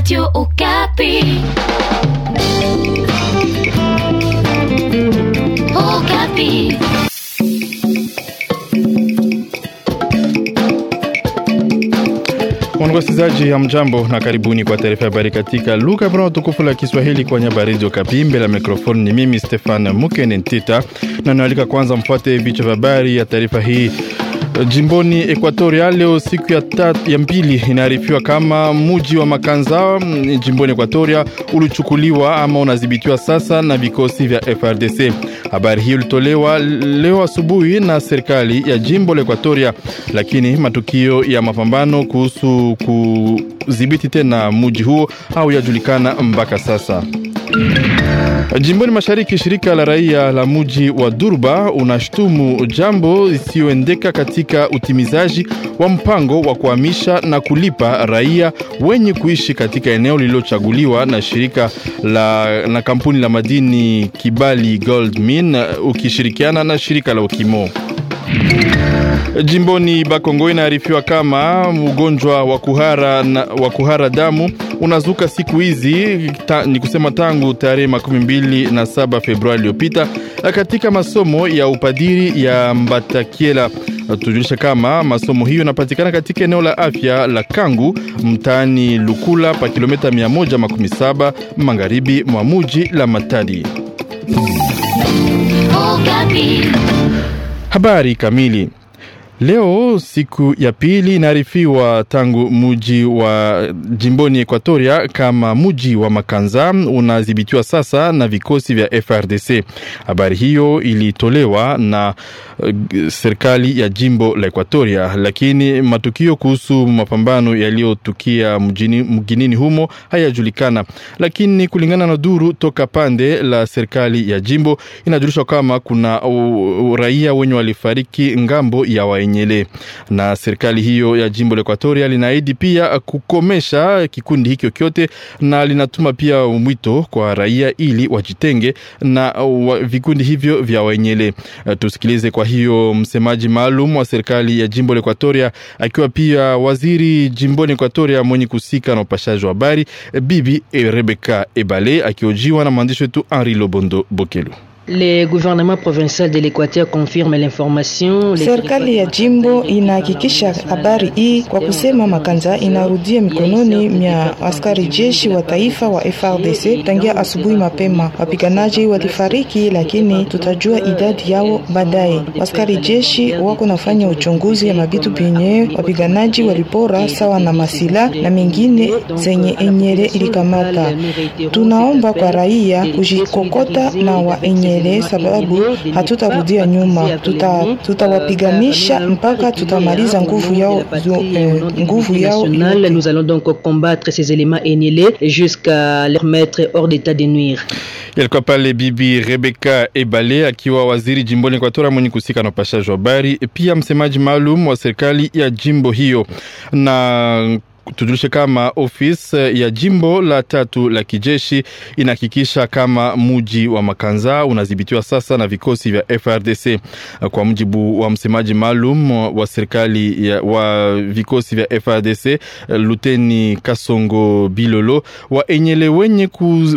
Radio Okapi. Okapi. Wasikilizaji, mjambo na karibuni kwa taarifa ya habari katika lugha bora tukufu la Kiswahili kwa nyaba Radio Kapi. Mbele ya mikrofoni ni mimi Stefan Mukene Ntita, na nawalika kwanza mfuate vichwa vya habari ya taarifa hii. Eh, jimboni ekuatoria leo siku ya tatu ya mbili inaarifiwa kama muji wa Makanza mm, jimboni ekuatoria ulichukuliwa ama unadhibitiwa sasa na vikosi vya FRDC. Habari hii ilitolewa leo asubuhi na serikali ya jimbo la ekuatoria lakini matukio ya mapambano kuhusu kudhibiti tena muji huo au yajulikana mpaka sasa. Jimboni mashariki, shirika la raia la muji wa Durba unashtumu jambo isiyoendeka katika utimizaji wa mpango wa kuhamisha na kulipa raia wenye kuishi katika eneo lililochaguliwa na shirika la, na kampuni la madini Kibali Gold Mine ukishirikiana na shirika la Ukimo. Jimboni Bakongo inaarifiwa kama mgonjwa wa kuhara, wa kuhara damu unazuka siku hizi ta, ni kusema tangu tarehe makumi mbili na saba Februari iliyopita katika masomo ya upadiri ya Mbatakiela. Tujulisha kama masomo hiyo yanapatikana katika eneo la afya la Kangu mtaani Lukula pa kilomita 117 magharibi mwa muji la Matadi. Oh, Habari kamili Leo siku ya pili inaarifiwa tangu muji wa jimboni Ekuatoria kama muji wa Makanza unadhibitiwa sasa na vikosi vya FRDC. Habari hiyo ilitolewa na eh, serikali ya jimbo la Ekuatoria, lakini matukio kuhusu mapambano yaliyotukia mginini humo hayajulikana. Lakini kulingana na duru toka pande la serikali ya jimbo inajulishwa kama kuna raia wenye walifariki ngambo ya waenye Nyele. Na serikali hiyo ya jimbo la Ekuatoria linaahidi pia kukomesha kikundi hicho kyote, na linatuma pia mwito kwa raia ili wajitenge na vikundi hivyo vya Wenyele. Eh, tusikilize kwa hiyo msemaji maalum wa serikali ya jimbo la Ekuatoria akiwa pia waziri jimboni Ekuatoria mwenye kusika na upashaji wa habari eh, Bibi Rebeka Ebale akiojiwa na mwandishi wetu Henri Lobondo Bokelu. Le gouvernement provincial de l'Equateur confirme l'information. Serikali ya jimbo inahakikisha habari hii kwa kusema Makanza inarudia mikononi mya askari jeshi wa taifa wa FRDC tangia asubuhi mapema. Wapiganaji walifariki, lakini tutajua idadi yao baadaye. Askari jeshi wako nafanya uchunguzi ya mabitu penye wapiganaji walipora sawa na masila na mengine zenye enyere ilikamata. Tunaomba kwa raia kujikokota na waenyere tuendelee, sababu hatutarudia nyuma, tutawapiganisha euh, tuta mpaka tutamaliza nguvu yao, euh, nguvu yao. Nous allons donc combattre ces éléments aînés jusqu'à les mettre hors d'état de nuire. Yalikuwa pale bibi Rebecca Ebale akiwa waziri jimboni Ekwatora mwenye kuhusika na upashaji wa habari, pia msemaji maalum wa serikali ya jimbo hiyo na tujulishe kama ofisi eh, ya jimbo la tatu la kijeshi inahakikisha kama muji wa Makanza unadhibitiwa sasa na vikosi vya FRDC. Kwa mujibu wa msemaji maalum wa serikali wa vikosi vya FRDC eh, Luteni Kasongo Bilolo, waenyele wenye,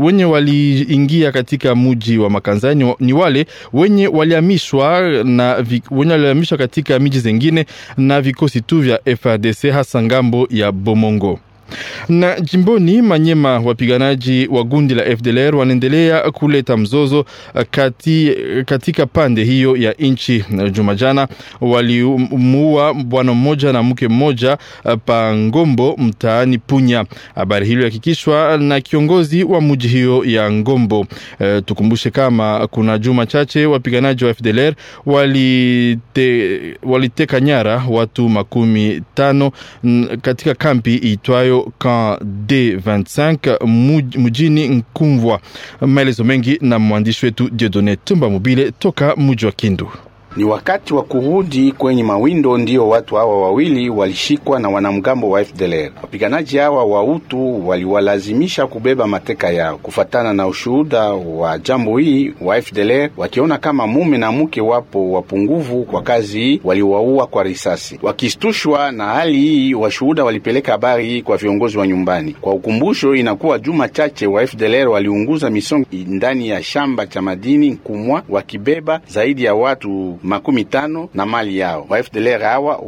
wenye waliingia katika muji wa Makanza ni wale wenye waliamishwa na wenye waliamishwa katika miji zengine na vikosi tu vya FRDC hasa ngambo ya Bomo. Mongo. Na jimboni Manyema, wapiganaji wa gundi la FDLR wanaendelea kuleta mzozo eh, kati, eh, katika pande hiyo ya nchi. Jumajana walimuua bwana mmoja na mke mmoja eh, pa Ngombo mtaani Punya. Habari hiyo yahakikishwa na kiongozi wa mji hiyo ya Ngombo. E, tukumbushe kama kuna juma chache wapiganaji wa FDLR waliteka nyara watu makumi tano katika kampi iitwayo leo d 25 mjini Nkumvwa. Maelezo mengi na mwandishi wetu Jedone Tumba Mobile toka mji wa Kindu. Ni wakati wa kurudi kwenye mawindo, ndiyo watu hawa wawili walishikwa na wanamgambo wa FDLR. Wapiganaji hawa wa utu waliwalazimisha kubeba mateka yao. Kufatana na ushuhuda wa jambo hii, wa FDLR wakiona kama mume na mke wapo wapunguvu kwa kazi hii, waliwaua kwa risasi. Wakistushwa na hali hii, washuhuda walipeleka habari hii kwa viongozi wa nyumbani. Kwa ukumbusho, inakuwa juma chache wa FDLR waliunguza misongo ndani ya shamba cha madini Kumwa wakibeba zaidi ya watu makumi tano na mali yao. Wa FDLR hawa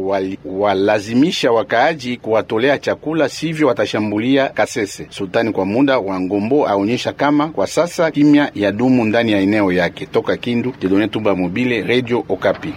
walazimisha wakaaji kuwatolea chakula, sivyo watashambulia Kasese. Sultani kwa muda wa Ngombo aonyesha kama kwa sasa kimya ya dumu ndani ya eneo yake. Toka Kindu, Jedone Tumba Mobile, Radio Okapi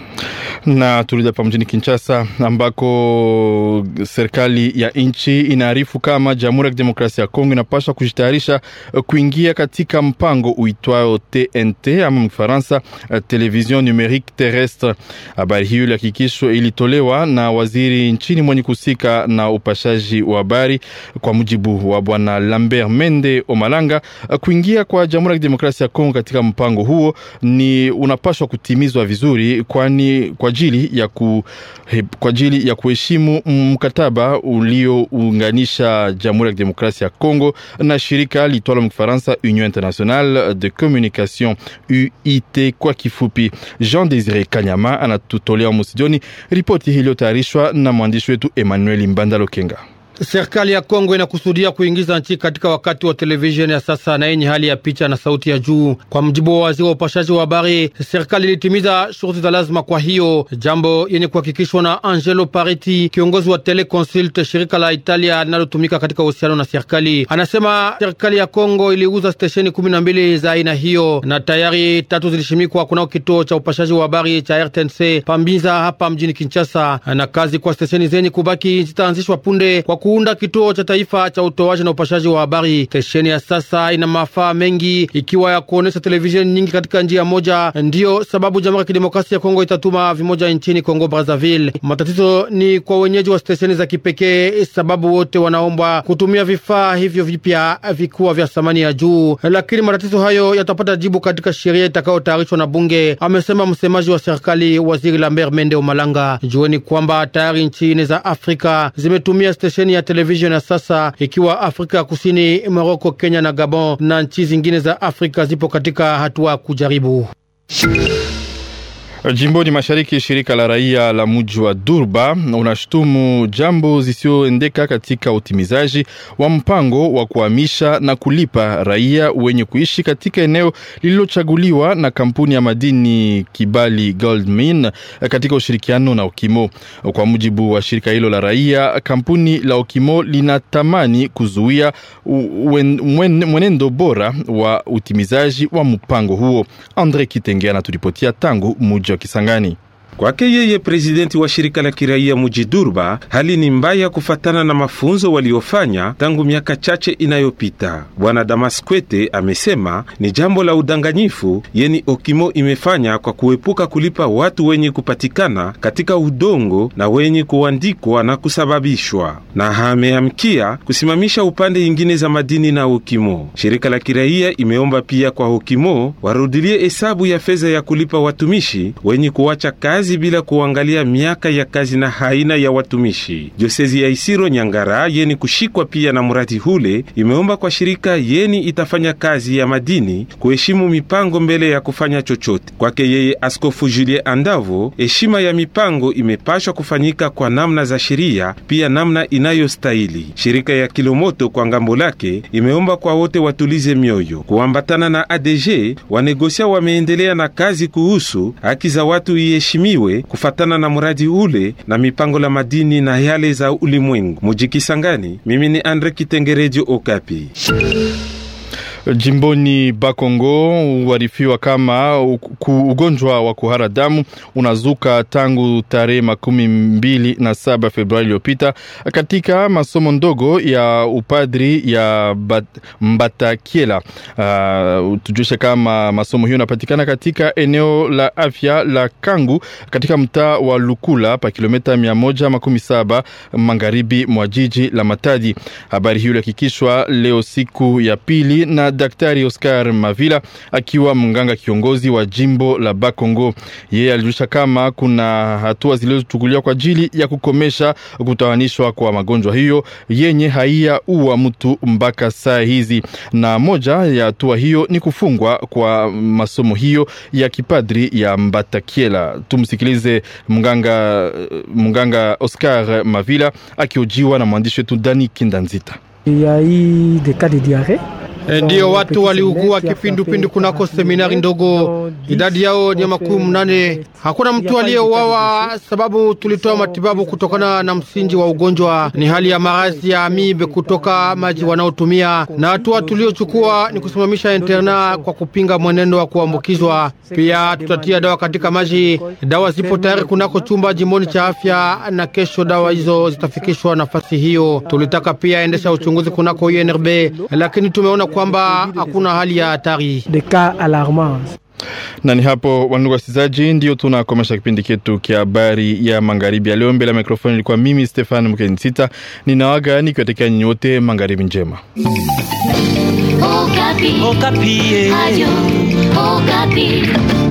na tulija pa mjini Kinshasa ambako serikali ya nchi inaarifu kama Jamhuri ya Kidemokrasia ya Kongo inapaswa kujitayarisha eh, kuingia katika mpango uitwao TNT ama mkifaransa eh, television numerique terrestre. Habari hiyo ilihakikishwa, ilitolewa na waziri nchini mwenye kuhusika na upashaji wa habari. Kwa mujibu wa bwana Lambert Mende Omalanga, eh, kuingia kwa Jamhuri ya Kidemokrasia ya Kongo katika mpango huo ni unapaswa kutimizwa vizuri, kwani kwa ajili ya ku, kwa ajili ya kuheshimu mm, mkataba uliounganisha Jamhuri ya Kidemokrasia ya Kongo na shirika litwalo mkifaransa Union Internationale de Communication UIT kwa kifupi. Jean Desire Kanyama anatutolea msijoni ripoti iliyotayarishwa na mwandishi wetu Emmanuel Mbanda Lokenga. Serikali ya Kongo inakusudia kuingiza nchi katika wakati wa televisheni ya sasa na yenye hali ya picha na sauti ya juu. Kwa mjibu wa waziri wa upashaji wa habari, serikali ilitimiza shuruti za lazima kwa hiyo, jambo yenye kuhakikishwa na Angelo Pariti, kiongozi wa Teleconsult, shirika la Italia linalotumika katika uhusiano na serikali. Anasema serikali ya Kongo iliuza stesheni kumi na mbili za aina hiyo na tayari tatu zilishimikwa kunao kituo cha upashaji wa habari cha RTNC pambiza hapa mjini Kinshasa, na kazi kwa stesheni zenye kubaki zitaanzishwa punde kwa kuunda kituo cha taifa cha utoaji na upashaji wa habari. Stesheni ya sasa ina mafaa mengi, ikiwa ya kuonesha televisheni nyingi katika njia moja. Ndiyo sababu Jamhuri ya Kidemokrasia ya Kongo itatuma vimoja nchini Kongo Brazzaville. Matatizo ni kwa wenyeji wa stesheni za kipekee, sababu wote wanaombwa kutumia vifaa hivyo vipya vikuwa vya thamani ya juu, lakini matatizo hayo yatapata jibu katika sheria itakayotayarishwa na bunge, amesema msemaji wa serikali waziri Lambert Mende Omalanga. Jueni kwamba tayari nchi nne za Afrika zimetumia stesheni ya televisheni ya sasa, ikiwa Afrika Kusini, Moroko, Kenya na Gabon na nchi zingine za Afrika zipo katika hatua kujaribu Jimboni mashariki, shirika la raia la mji wa Durba unashutumu jambo zisioendeka katika utimizaji wa mpango wa kuhamisha na kulipa raia wenye kuishi katika eneo lililochaguliwa na kampuni ya madini Kibali Gold Mine katika ushirikiano na Okimo. Kwa mujibu wa shirika hilo la raia, kampuni la Okimo linatamani kuzuia mwenendo bora wa utimizaji wa mpango huo. Andre Kitenge anaturipotia tangu muja wa Kisangani. Kwake yeye presidenti wa shirika la kiraia durba hali ni mbaya kufatana na mafunzo waliofanya tangu miaka chache inayopita. Bwana Damas Kwete amesema ni jambo la udanganyifu yeni Okimo imefanya kwa kuepuka kulipa watu wenye kupatikana katika udongo na wenye kuandikwa na kusababishwa, na hameamkia kusimamisha upande ingine za madini na Okimo. Shirika la kiraia imeomba pia kwa Okimo warudilie hesabu ya fedha ya kulipa watumishi wenye kuacha kazi kazi bila kuangalia miaka ya kazi na haina ya watumishi. Josezi ya Isiro Nyangara yeni kushikwa pia na murati hule imeomba kwa shirika yeni itafanya kazi ya madini kuheshimu mipango mbele ya kufanya chochote. Kwake yeye Askofu Julien Andavo, heshima ya mipango imepashwa kufanyika kwa namna za sheria, pia namna inayostahili. Shirika ya Kilomoto kwa ngambo lake imeomba kwa wote watulize mioyo kuambatana na ADG wanegosia wameendelea na kazi kuhusu haki za watu iheshimiwe zitumiwe kufatana na mradi ule na mipango la madini na yale za ulimwengu. Mujikisangani, mimi ni Andre Kitengerejo, Okapi. Jimboni Bakongo warifiwa kama ugonjwa wa kuhara damu unazuka tangu tarehe makumi mbili na saba Februari iliyopita katika masomo ndogo ya upadri ya Mbatakiela. Uh, ah, tujulishe kama masomo hiyo yanapatikana katika eneo la afya la Kangu katika mtaa wa Lukula pa kilomita saba magharibi mwa jiji la Matadi. Habari hiyo ilihakikishwa leo siku ya pili na Daktari Oscar Mavila akiwa mganga kiongozi wa jimbo la Bakongo. Yeye alijulisha kama kuna hatua zilizochukuliwa kwa ajili ya kukomesha kutawanishwa kwa magonjwa hiyo yenye haiya uwa mtu mpaka saa hizi, na moja ya hatua hiyo ni kufungwa kwa masomo hiyo ya kipadri ya Mbatakiela. Tumsikilize mganga, mganga Oscar Mavila akiojiwa na mwandishi wetu Dani Kindanzita. Eh, Ndiyo watu waliugua kipindupindu kunako seminari ndogo, idadi yao ni makumi mnane. Hakuna mtu aliyeuawa, sababu tulitoa matibabu kutokana na msingi wa ugonjwa. Ni hali ya marazi ya amibe kutoka maji wanaotumia, na hatua tuliochukua ni kusimamisha interna kwa kupinga mwenendo wa kuambukizwa. Pia tutatia dawa katika maji. Dawa zipo tayari kunako chumba jimboni cha afya, na kesho dawa hizo zitafikishwa nafasi hiyo. Tulitaka pia endesha uchunguzi kunako UNRB, lakini tumeona kwamba hakuna hali ya hatari. Na ni hapo wandugu wasikilizaji, ndio tunakomesha kipindi chetu kya habari ya magharibi ya leo. Mbele ya mikrofoni ilikuwa mimi Stefan Mkensita, ni kuatekea nyinyi wote magharibi njema. Okapi. Okapi. Eh. Ayo, Okapi.